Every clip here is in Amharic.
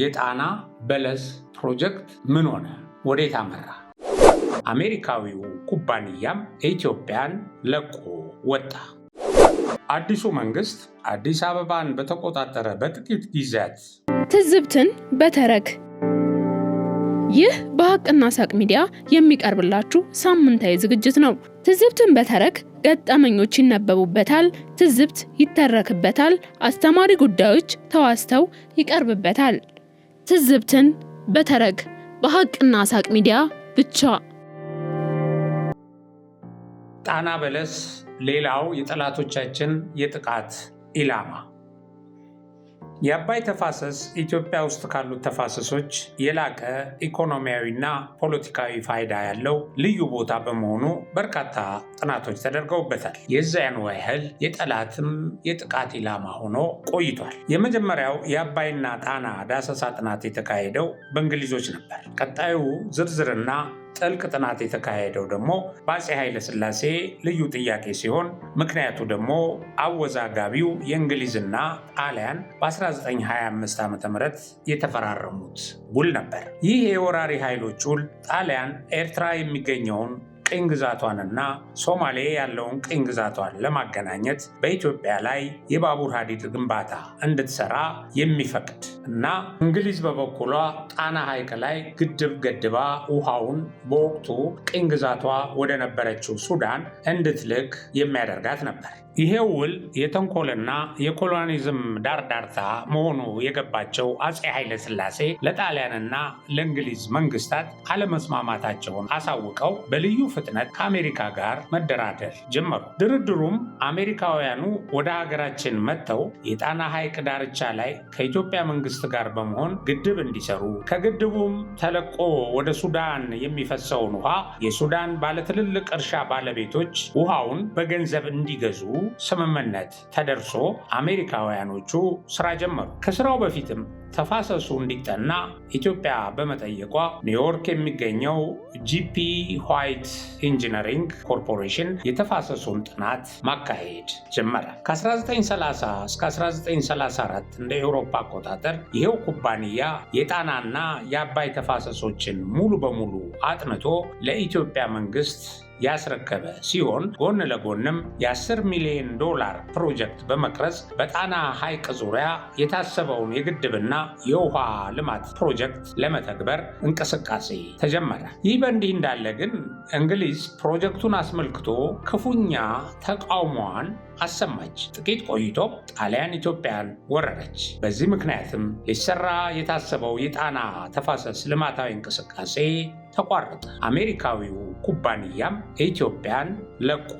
የጣና በለስ ፕሮጀክት ምን ሆነ? ወዴት አመራ? አሜሪካዊው ኩባንያም ኢትዮጵያን ለቆ ወጣ። አዲሱ መንግስት አዲስ አበባን በተቆጣጠረ በጥቂት ጊዜያት ትዝብትን በተረክ ይህ በሀቅና ሳቅ ሚዲያ የሚቀርብላችሁ ሳምንታዊ ዝግጅት ነው። ትዝብትን በተረክ ገጠመኞች ይነበቡበታል፣ ትዝብት ይተረክበታል፣ አስተማሪ ጉዳዮች ተዋስተው ይቀርብበታል። ትዝብትን በተረክ በሀቅና ሳቅ ሚዲያ ብቻ። ጣና በለስ ሌላው የጠላቶቻችን የጥቃት ኢላማ የአባይ ተፋሰስ ኢትዮጵያ ውስጥ ካሉት ተፋሰሶች የላቀ ኢኮኖሚያዊና ፖለቲካዊ ፋይዳ ያለው ልዩ ቦታ በመሆኑ በርካታ ጥናቶች ተደርገውበታል። የዚያን ያህል የጠላትም የጥቃት ኢላማ ሆኖ ቆይቷል። የመጀመሪያው የአባይና ጣና ዳሰሳ ጥናት የተካሄደው በእንግሊዞች ነበር። ቀጣዩ ዝርዝርና ጥልቅ ጥናት የተካሄደው ደግሞ በአፄ ኃይለሥላሴ ልዩ ጥያቄ ሲሆን ምክንያቱ ደግሞ አወዛጋቢው የእንግሊዝና ጣሊያን በ1925 ዓ ም የተፈራረሙት ውል ነበር። ይህ የወራሪ ኃይሎች ውል ጣሊያን ኤርትራ የሚገኘውን ቅኝ ግዛቷንና ሶማሌ ያለውን ቅኝ ግዛቷን ለማገናኘት በኢትዮጵያ ላይ የባቡር ሀዲድ ግንባታ እንድትሰራ የሚፈቅድ እና እንግሊዝ በበኩሏ ጣና ሐይቅ ላይ ግድብ ገድባ ውሃውን በወቅቱ ቅኝ ግዛቷ ወደ ነበረችው ሱዳን እንድትልክ የሚያደርጋት ነበር። ይሄ ውል የተንኮልና የኮሎኒዝም ዳርዳርታ መሆኑ የገባቸው ኃይለ ኃይለሥላሴ ለጣሊያንና ለእንግሊዝ መንግስታት አለመስማማታቸውን አሳውቀው በልዩ ፍጥነት ከአሜሪካ ጋር መደራደር ጀመሩ። ድርድሩም አሜሪካውያኑ ወደ ሀገራችን መጥተው የጣና ሐይቅ ዳርቻ ላይ ከኢትዮጵያ መንግስት ጋር በመሆን ግድብ እንዲሰሩ፣ ከግድቡም ተለቆ ወደ ሱዳን የሚፈሰውን ውሃ የሱዳን ባለትልልቅ እርሻ ባለቤቶች ውሃውን በገንዘብ እንዲገዙ ስምምነት ተደርሶ አሜሪካውያኖቹ ስራ ጀመሩ። ከስራው በፊትም ተፋሰሱ እንዲጠና ኢትዮጵያ በመጠየቋ ኒውዮርክ የሚገኘው ጂፒ ዋይት ኢንጂነሪንግ ኮርፖሬሽን የተፋሰሱን ጥናት ማካሄድ ጀመረ። ከ1930 እስከ 1934 እንደ ኤውሮፓ አቆጣጠር ይሄው ኩባንያ የጣናና የአባይ ተፋሰሶችን ሙሉ በሙሉ አጥንቶ ለኢትዮጵያ መንግስት ያስረከበ ሲሆን ጎን ለጎንም የ10 ሚሊዮን ዶላር ፕሮጀክት በመቅረጽ በጣና ሐይቅ ዙሪያ የታሰበውን የግድብና የውሃ ልማት ፕሮጀክት ለመተግበር እንቅስቃሴ ተጀመረ። ይህ በእንዲህ እንዳለ ግን እንግሊዝ ፕሮጀክቱን አስመልክቶ ክፉኛ ተቃውሟን አሰማች። ጥቂት ቆይቶ ጣሊያን ኢትዮጵያን ወረረች። በዚህ ምክንያትም ሊሰራ የታሰበው የጣና ተፋሰስ ልማታዊ እንቅስቃሴ ተቋረጠ። አሜሪካዊው ኩባንያም ኢትዮጵያን ለቆ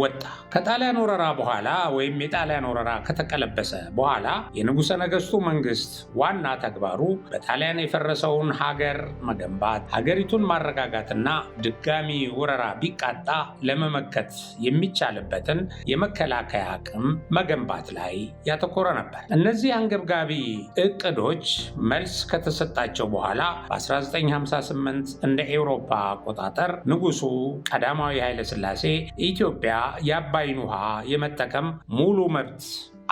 ወጣ። ከጣሊያን ወረራ በኋላ ወይም የጣሊያን ወረራ ከተቀለበሰ በኋላ የንጉሠ ነገሥቱ መንግስት ዋና ተግባሩ በጣሊያን የፈረሰውን ሀገር መገንባት፣ ሀገሪቱን ማረጋጋትና ድጋሚ ወረራ ቢቃጣ ለመመከት የሚቻልበትን የመከላከያ አቅም መገንባት ላይ ያተኮረ ነበር። እነዚህ አንገብጋቢ እቅዶች መልስ ከተሰጣቸው በኋላ በ1958 እንደ እንደ ኤውሮፓ አቆጣጠር ንጉሱ ቀዳማዊ ኃይለሥላሴ ኢትዮጵያ የአባይን ውሃ የመጠቀም ሙሉ መብት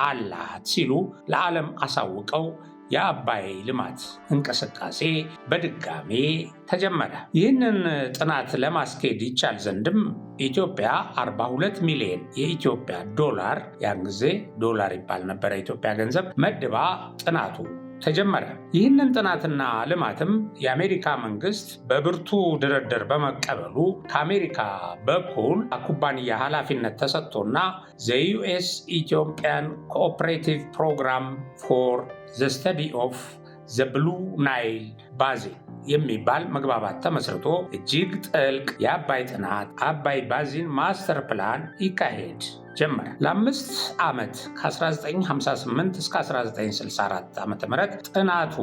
አላት ሲሉ ለዓለም አሳውቀው የአባይ ልማት እንቅስቃሴ በድጋሜ ተጀመረ። ይህንን ጥናት ለማስኬድ ይቻል ዘንድም ኢትዮጵያ 42 ሚሊዮን የኢትዮጵያ ዶላር ያን ጊዜ ዶላር ይባል ነበረ ኢትዮጵያ ገንዘብ መድባ ጥናቱ ተጀመረ። ይህንን ጥናትና ልማትም የአሜሪካ መንግስት በብርቱ ድርድር በመቀበሉ ከአሜሪካ በኩል ኩባንያ ኃላፊነት ተሰጥቶና ዘ ዩኤስ ኢትዮጵያን ኮኦፕሬቲቭ ፕሮግራም ፎር ዘ ስተዲ ኦፍ ዘ ብሉ ናይል ባዜ የሚባል መግባባት ተመስርቶ እጅግ ጥልቅ የአባይ ጥናት አባይ ባዚን ማስተር ፕላን ይካሄድ ጀመረ። ለአምስት ዓመት ከ1958 እስከ 1964 ዓ ም ጥናቱ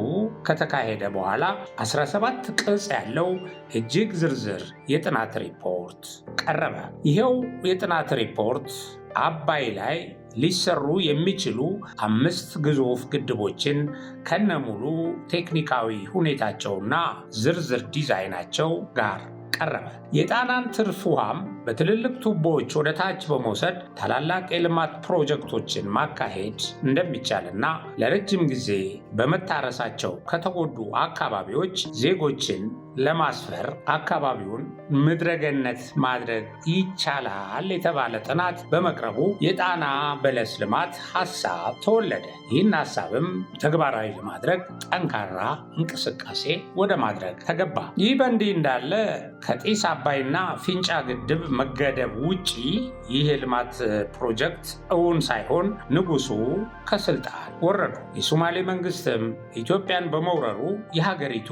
ከተካሄደ በኋላ 17 ቅጽ ያለው እጅግ ዝርዝር የጥናት ሪፖርት ቀረበ። ይኸው የጥናት ሪፖርት አባይ ላይ ሊሰሩ የሚችሉ አምስት ግዙፍ ግድቦችን ከነሙሉ ቴክኒካዊ ሁኔታቸውና ዝርዝር ዲዛይናቸው ጋር ቀረበ። የጣናን ትርፍ ውሃም በትልልቅ ቱቦዎች ወደ ታች በመውሰድ ታላላቅ የልማት ፕሮጀክቶችን ማካሄድ እንደሚቻልና ለረጅም ጊዜ በመታረሳቸው ከተጎዱ አካባቢዎች ዜጎችን ለማስፈር አካባቢውን ምድረገነት ማድረግ ይቻላል የተባለ ጥናት በመቅረቡ የጣና በለስ ልማት ሀሳብ ተወለደ። ይህን ሀሳብም ተግባራዊ ለማድረግ ጠንካራ እንቅስቃሴ ወደ ማድረግ ተገባ። ይህ በእንዲህ እንዳለ ከጢስ አባይና ፊንጫ ግድብ መገደብ ውጪ ይህ የልማት ፕሮጀክት እውን ሳይሆን ንጉሱ ከስልጣን ወረዱ። የሶማሌ መንግስትም ኢትዮጵያን በመውረሩ የሀገሪቱ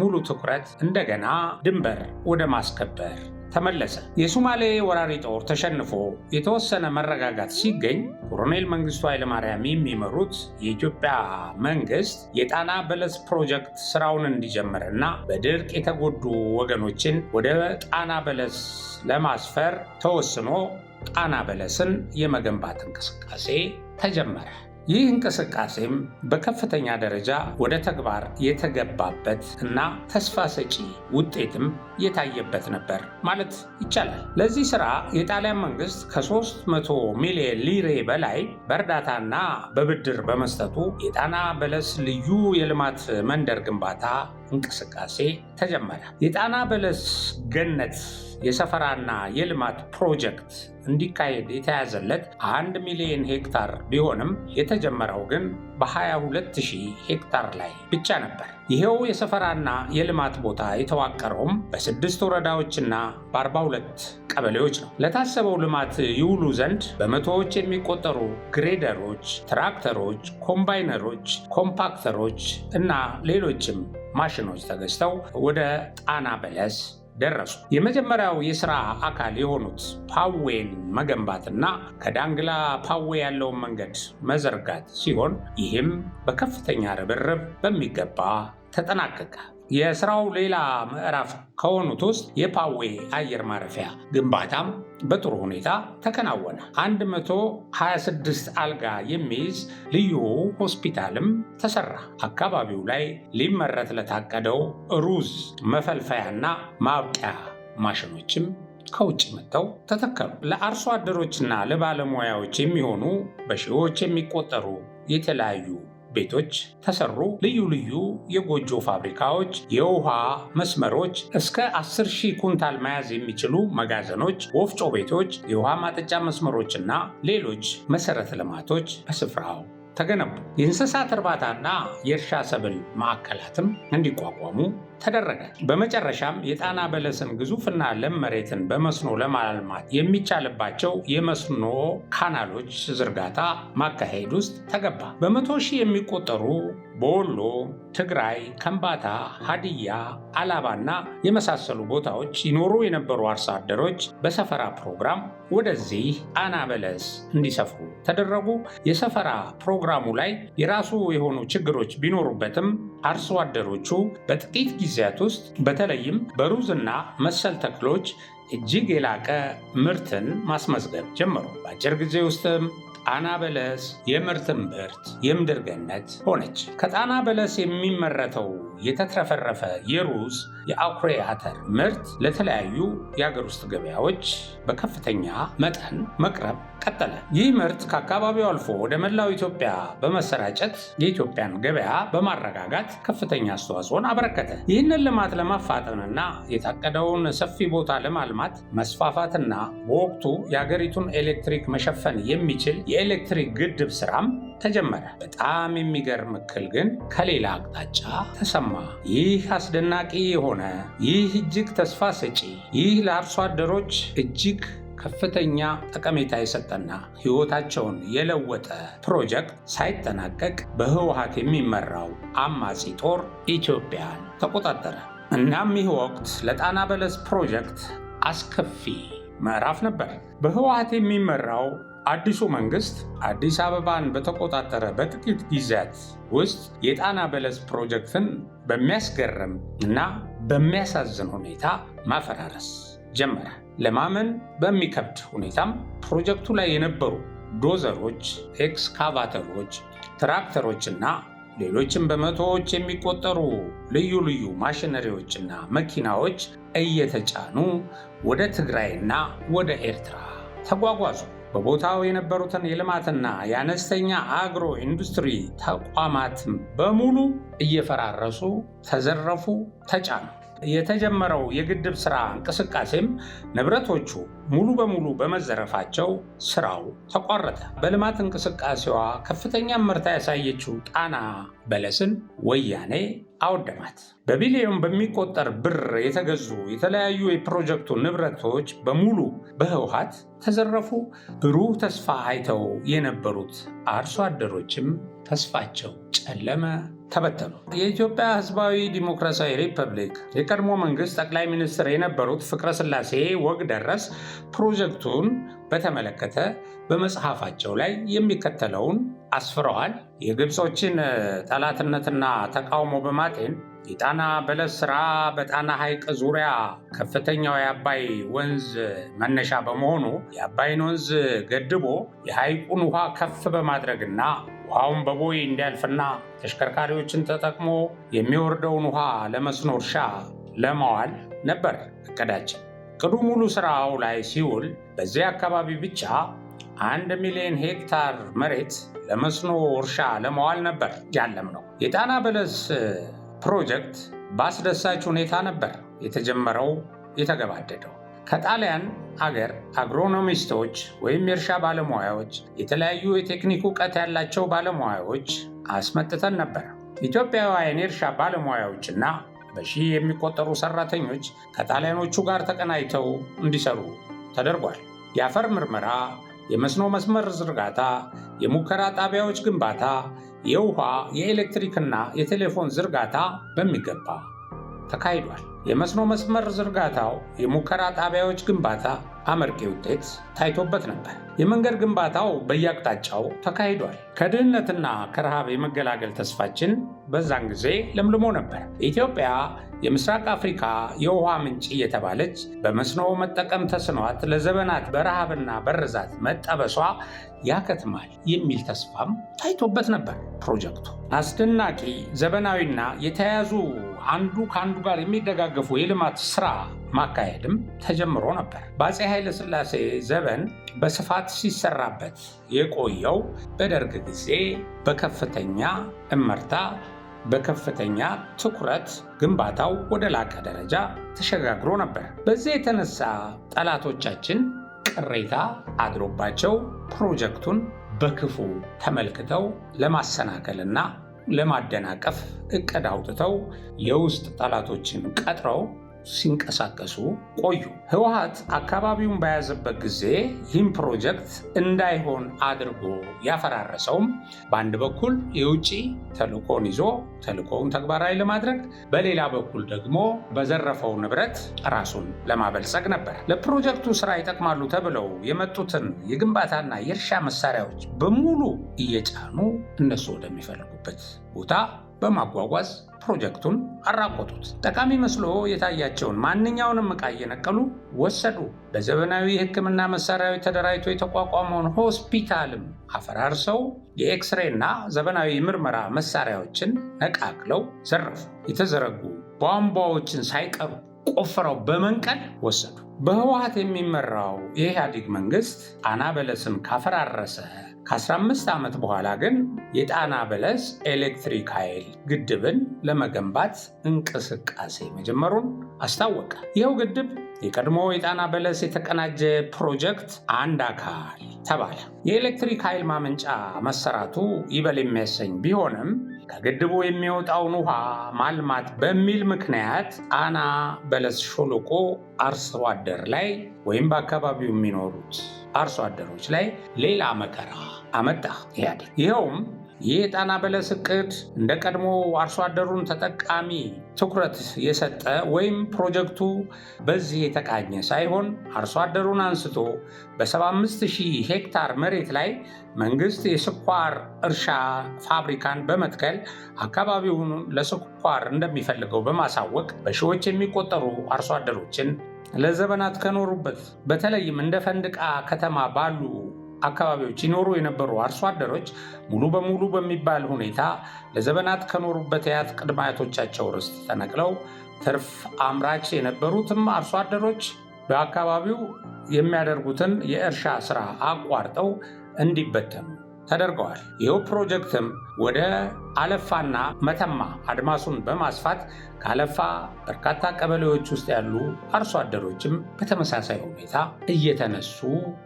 ሙሉ ትኩረት እንደገና ድንበር ወደ ማስከበር ተመለሰ። የሱማሌ ወራሪ ጦር ተሸንፎ የተወሰነ መረጋጋት ሲገኝ ኮሎኔል መንግስቱ ኃይለማርያም የሚመሩት የኢትዮጵያ መንግስት የጣና በለስ ፕሮጀክት ስራውን እንዲጀምርና በድርቅ የተጎዱ ወገኖችን ወደ ጣና በለስ ለማስፈር ተወስኖ ጣና በለስን የመገንባት እንቅስቃሴ ተጀመረ። ይህ እንቅስቃሴም በከፍተኛ ደረጃ ወደ ተግባር የተገባበት እና ተስፋ ሰጪ ውጤትም የታየበት ነበር ማለት ይቻላል። ለዚህ ሥራ የጣሊያን መንግስት ከ300 ሚሊዮን ሊሬ በላይ በእርዳታና በብድር በመስጠቱ የጣና በለስ ልዩ የልማት መንደር ግንባታ እንቅስቃሴ ተጀመረ። የጣና በለስ ገነት የሰፈራና የልማት ፕሮጀክት እንዲካሄድ የተያዘለት አንድ ሚሊዮን ሄክታር ቢሆንም የተጀመረው ግን በ22000 ሄክታር ላይ ብቻ ነበር። ይሄው የሰፈራና የልማት ቦታ የተዋቀረውም በስድስት ወረዳዎችና በ42 ቀበሌዎች ነው። ለታሰበው ልማት ይውሉ ዘንድ በመቶዎች የሚቆጠሩ ግሬደሮች፣ ትራክተሮች፣ ኮምባይነሮች፣ ኮምፓክተሮች እና ሌሎችም ማሽኖች ተገዝተው ወደ ጣና በለስ ደረሱ። የመጀመሪያው የሥራ አካል የሆኑት ፓዌን መገንባትና ከዳንግላ ፓዌ ያለውን መንገድ መዘርጋት ሲሆን ይህም በከፍተኛ ርብርብ በሚገባ ተጠናቀቀ። የስራው ሌላ ምዕራፍ ከሆኑት ውስጥ የፓዌ አየር ማረፊያ ግንባታም በጥሩ ሁኔታ ተከናወነ። 126 አልጋ የሚይዝ ልዩ ሆስፒታልም ተሰራ። አካባቢው ላይ ሊመረት ለታቀደው ሩዝ መፈልፈያና ማብቂያ ማሽኖችም ከውጭ መጥተው ተተከሉ። ለአርሶ አደሮችና ለባለሙያዎች የሚሆኑ በሺዎች የሚቆጠሩ የተለያዩ ቤቶች ተሰሩ። ልዩ ልዩ የጎጆ ፋብሪካዎች፣ የውሃ መስመሮች፣ እስከ 10 ሺህ ኩንታል መያዝ የሚችሉ መጋዘኖች፣ ወፍጮ ቤቶች፣ የውሃ ማጠጫ መስመሮችና ሌሎች መሰረተ ልማቶች በስፍራው ተገነቡ። የእንስሳት እርባታና የእርሻ ሰብል ማዕከላትም እንዲቋቋሙ ተደረገ። በመጨረሻም የጣና በለስን ግዙፍና ለም መሬትን በመስኖ ለማልማት የሚቻልባቸው የመስኖ ካናሎች ዝርጋታ ማካሄድ ውስጥ ተገባ። በመቶ ሺህ የሚቆጠሩ በወሎ፣ ትግራይ፣ ከምባታ፣ ሀዲያ፣ አላባና የመሳሰሉ ቦታዎች ይኖሩ የነበሩ አርሶ አደሮች በሰፈራ ፕሮግራም ወደዚህ አና በለስ እንዲሰፍሩ ተደረጉ። የሰፈራ ፕሮግራሙ ላይ የራሱ የሆኑ ችግሮች ቢኖሩበትም አርሶ አደሮቹ በጥቂት ጊዜያት ውስጥ በተለይም በሩዝና መሰል ተክሎች እጅግ የላቀ ምርትን ማስመዝገብ ጀመሩ። በአጭር ጊዜ ውስጥም ጣና በለስ የምርት ብርት የምድር ገነት ሆነች። ከጣና በለስ የሚመረተው የተትረፈረፈ የሩዝ የአኩሪ አተር ምርት ለተለያዩ የሀገር ውስጥ ገበያዎች በከፍተኛ መጠን መቅረብ ቀጠለ። ይህ ምርት ከአካባቢው አልፎ ወደ መላው ኢትዮጵያ በመሰራጨት የኢትዮጵያን ገበያ በማረጋጋት ከፍተኛ አስተዋጽኦን አበረከተ። ይህንን ልማት ለማፋጠንና የታቀደውን ሰፊ ቦታ ለማልማት መስፋፋትና በወቅቱ የሀገሪቱን ኤሌክትሪክ መሸፈን የሚችል የኤሌክትሪክ ግድብ ስራም ተጀመረ። በጣም የሚገርም እክል ግን ከሌላ አቅጣጫ ተሰማ። ቡናማ። ይህ አስደናቂ የሆነ ይህ እጅግ ተስፋ ሰጪ ይህ ለአርሶ አደሮች እጅግ ከፍተኛ ጠቀሜታ የሰጠና ሕይወታቸውን የለወጠ ፕሮጀክት ሳይጠናቀቅ በህወሓት የሚመራው አማጺ ጦር ኢትዮጵያን ተቆጣጠረ። እናም ይህ ወቅት ለጣና በለስ ፕሮጀክት አስከፊ ምዕራፍ ነበር። በህወሓት የሚመራው አዲሱ መንግስት አዲስ አበባን በተቆጣጠረ በጥቂት ጊዜያት ውስጥ የጣና በለስ ፕሮጀክትን በሚያስገርም እና በሚያሳዝን ሁኔታ ማፈራረስ ጀመረ። ለማመን በሚከብድ ሁኔታም ፕሮጀክቱ ላይ የነበሩ ዶዘሮች፣ ኤክስካቫተሮች፣ ትራክተሮችና ሌሎችም በመቶዎች የሚቆጠሩ ልዩ ልዩ ማሽነሪዎችና መኪናዎች እየተጫኑ ወደ ትግራይና ወደ ኤርትራ ተጓጓዙ። በቦታው የነበሩትን የልማትና የአነስተኛ አግሮ ኢንዱስትሪ ተቋማትም በሙሉ እየፈራረሱ ተዘረፉ፣ ተጫኑ። የተጀመረው የግድብ ስራ እንቅስቃሴም ንብረቶቹ ሙሉ በሙሉ በመዘረፋቸው ስራው ተቋረጠ። በልማት እንቅስቃሴዋ ከፍተኛ ምርታ ያሳየችው ጣና በለስን ወያኔ አወደማት። በቢሊዮን በሚቆጠር ብር የተገዙ የተለያዩ የፕሮጀክቱ ንብረቶች በሙሉ በህውሃት ተዘረፉ። ብሩህ ተስፋ አይተው የነበሩት አርሶ አደሮችም ተስፋቸው ጨለመ፣ ተበተኑ። የኢትዮጵያ ህዝባዊ ዲሞክራሲያዊ ሪፐብሊክ የቀድሞ መንግስት ጠቅላይ ሚኒስትር የነበሩት ፍቅረ ስላሴ ወግ ደረስ ፕሮጀክቱን በተመለከተ በመጽሐፋቸው ላይ የሚከተለውን አስፍረዋል። የግብጾችን ጠላትነትና ተቃውሞ በማጤን የጣና በለስ ሥራ በጣና ሐይቅ ዙሪያ ከፍተኛው የአባይ ወንዝ መነሻ በመሆኑ የአባይን ወንዝ ገድቦ የሐይቁን ውሃ ከፍ በማድረግና ውሃውን በቦይ እንዲያልፍና ተሽከርካሪዎችን ተጠቅሞ የሚወርደውን ውሃ ለመስኖ እርሻ ለማዋል ነበር እቅዳችን። ቅዱ ሙሉ ሥራው ላይ ሲውል በዚህ አካባቢ ብቻ አንድ ሚሊዮን ሄክታር መሬት ለመስኖ እርሻ ለመዋል ነበር ያለም ነው። የጣና በለስ ፕሮጀክት በአስደሳች ሁኔታ ነበር የተጀመረው የተገባደደው። ከጣሊያን አገር አግሮኖሚስቶች ወይም የእርሻ ባለሙያዎች፣ የተለያዩ የቴክኒክ እውቀት ያላቸው ባለሙያዎች አስመጥተን ነበር። ኢትዮጵያውያን የእርሻ ባለሙያዎችና በሺህ የሚቆጠሩ ሰራተኞች ከጣሊያኖቹ ጋር ተቀናይተው እንዲሰሩ ተደርጓል። የአፈር ምርመራ፣ የመስኖ መስመር ዝርጋታ፣ የሙከራ ጣቢያዎች ግንባታ፣ የውሃ የኤሌክትሪክና የቴሌፎን ዝርጋታ በሚገባ ተካሂዷል። የመስኖ መስመር ዝርጋታው፣ የሙከራ ጣቢያዎች ግንባታ አመርቂ ውጤት ታይቶበት ነበር። የመንገድ ግንባታው በየአቅጣጫው ተካሂዷል። ከድህነትና ከረሃብ የመገላገል ተስፋችን በዛን ጊዜ ለምልሞ ነበር። ኢትዮጵያ የምስራቅ አፍሪካ የውሃ ምንጭ እየተባለች በመስኖ መጠቀም ተስኗት ለዘመናት በረሃብና በርዛት መጠበሷ ያከትማል የሚል ተስፋም ታይቶበት ነበር። ፕሮጀክቱ አስደናቂ ዘመናዊና የተያያዙ አንዱ ከአንዱ ጋር የሚደጋገፉ የልማት ስራ ማካሄድም ተጀምሮ ነበር። በአፄ ኃይለሥላሴ ዘመን በስፋት ሲሰራበት የቆየው በደርግ ጊዜ በከፍተኛ እመርታ በከፍተኛ ትኩረት ግንባታው ወደ ላቀ ደረጃ ተሸጋግሮ ነበር። በዚህ የተነሳ ጠላቶቻችን ቅሬታ አድሮባቸው ፕሮጀክቱን በክፉ ተመልክተው ለማሰናከልና ለማደናቀፍ እቅድ አውጥተው የውስጥ ጠላቶችን ቀጥረው ሲንቀሳቀሱ ቆዩ። ህወሓት አካባቢውን በያዘበት ጊዜ ይህም ፕሮጀክት እንዳይሆን አድርጎ ያፈራረሰውም በአንድ በኩል የውጭ ተልዕኮን ይዞ ተልዕኮውን ተግባራዊ ለማድረግ፣ በሌላ በኩል ደግሞ በዘረፈው ንብረት ራሱን ለማበልጸግ ነበር። ለፕሮጀክቱ ስራ ይጠቅማሉ ተብለው የመጡትን የግንባታና የእርሻ መሳሪያዎች በሙሉ እየጫኑ እነሱ ወደሚፈልጉበት ቦታ በማጓጓዝ ፕሮጀክቱን አራቆቱት። ጠቃሚ መስሎ የታያቸውን ማንኛውንም ዕቃ እየነቀሉ ወሰዱ። በዘመናዊ የሕክምና መሳሪያዎች ተደራጅቶ የተቋቋመውን ሆስፒታልም አፈራርሰው የኤክስሬና ዘመናዊ ምርመራ መሳሪያዎችን ነቃቅለው ዘረፉ። የተዘረጉ ቧንቧዎችን ሳይቀሩ ቆፍረው በመንቀል ወሰዱ። በህወሀት የሚመራው የኢህአዴግ መንግስት አናበለስም በለስም ካፈራረሰ ከ15 ዓመት በኋላ ግን የጣና በለስ ኤሌክትሪክ ኃይል ግድብን ለመገንባት እንቅስቃሴ መጀመሩን አስታወቀ። ይኸው ግድብ የቀድሞ የጣና በለስ የተቀናጀ ፕሮጀክት አንድ አካል ተባለ። የኤሌክትሪክ ኃይል ማመንጫ መሰራቱ ይበል የሚያሰኝ ቢሆንም ከግድቡ የሚወጣውን ውሃ ማልማት በሚል ምክንያት ጣና በለስ ሾልቆ አርሶ አደር ላይ ወይም በአካባቢው የሚኖሩት አርሶ አደሮች ላይ ሌላ መከራ አመጣ ኢህአዴግ። ይኸውም ይህ የጣና በለስ እቅድ እንደ ቀድሞ አርሶ አደሩን ተጠቃሚ ትኩረት የሰጠ ወይም ፕሮጀክቱ በዚህ የተቃኘ ሳይሆን አርሶ አደሩን አንስቶ በ75000 ሄክታር መሬት ላይ መንግስት የስኳር እርሻ ፋብሪካን በመትከል አካባቢውን ለስኳር እንደሚፈልገው በማሳወቅ በሺዎች የሚቆጠሩ አርሶ አደሮችን ለዘመናት ከኖሩበት በተለይም እንደ ፈንድቃ ከተማ ባሉ አካባቢዎች ይኖሩ የነበሩ አርሶ አደሮች ሙሉ በሙሉ በሚባል ሁኔታ ለዘመናት ከኖሩበት ያት ቅድመ አያቶቻቸው ርስት ተነቅለው ትርፍ አምራች የነበሩትም አርሶ አደሮች በአካባቢው የሚያደርጉትን የእርሻ ስራ አቋርጠው እንዲበተኑ ተደርገዋል። ይኸው ፕሮጀክትም ወደ አለፋና መተማ አድማሱን በማስፋት ከአለፋ በርካታ ቀበሌዎች ውስጥ ያሉ አርሶ አደሮችም በተመሳሳይ ሁኔታ እየተነሱ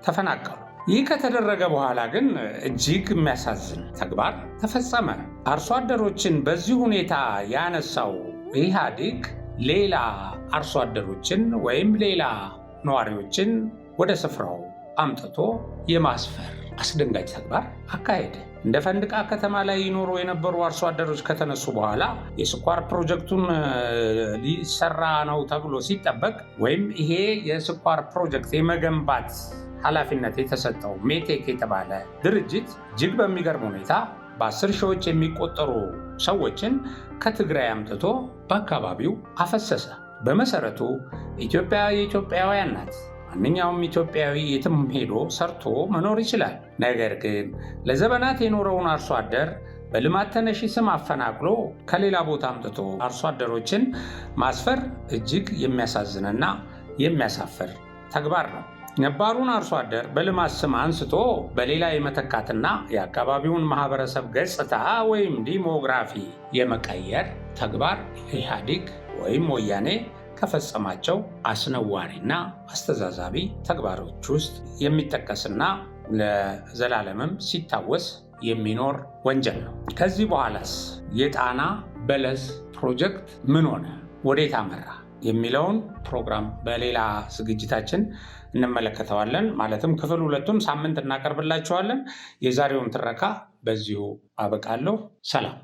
ተፈናቀሉ። ይህ ከተደረገ በኋላ ግን እጅግ የሚያሳዝን ተግባር ተፈጸመ። አርሶ አደሮችን በዚህ ሁኔታ ያነሳው ኢህአዴግ ሌላ አርሶ አደሮችን ወይም ሌላ ነዋሪዎችን ወደ ስፍራው አምጥቶ የማስፈር አስደንጋጭ ተግባር አካሄደ። እንደ ፈንድቃ ከተማ ላይ ይኖሩ የነበሩ አርሶ አደሮች ከተነሱ በኋላ የስኳር ፕሮጀክቱን ሊሰራ ነው ተብሎ ሲጠበቅ ወይም ይሄ የስኳር ፕሮጀክት የመገንባት ኃላፊነት የተሰጠው ሜቴክ የተባለ ድርጅት እጅግ በሚገርም ሁኔታ በአስር ሺዎች የሚቆጠሩ ሰዎችን ከትግራይ አምጥቶ በአካባቢው አፈሰሰ። በመሰረቱ ኢትዮጵያ የኢትዮጵያውያን ናት። ማንኛውም ኢትዮጵያዊ የትም ሄዶ ሰርቶ መኖር ይችላል። ነገር ግን ለዘመናት የኖረውን አርሶ አደር በልማት ተነሺ ስም አፈናቅሎ ከሌላ ቦታ አምጥቶ አርሶ አደሮችን ማስፈር እጅግ የሚያሳዝንና የሚያሳፍር ተግባር ነው። ነባሩን አርሶ አደር በልማት ስም አንስቶ በሌላ የመተካትና የአካባቢውን ማህበረሰብ ገጽታ ወይም ዲሞግራፊ የመቀየር ተግባር ኢህአዲግ ወይም ወያኔ ከፈጸማቸው አስነዋሪና አስተዛዛቢ ተግባሮች ውስጥ የሚጠቀስና ለዘላለምም ሲታወስ የሚኖር ወንጀል ነው። ከዚህ በኋላስ የጣና በለስ ፕሮጀክት ምን ሆነ? ወዴት አመራ? የሚለውን ፕሮግራም በሌላ ዝግጅታችን እንመለከተዋለን። ማለትም ክፍል ሁለቱን ሳምንት እናቀርብላችኋለን። የዛሬውን ትረካ በዚሁ አበቃለሁ። ሰላም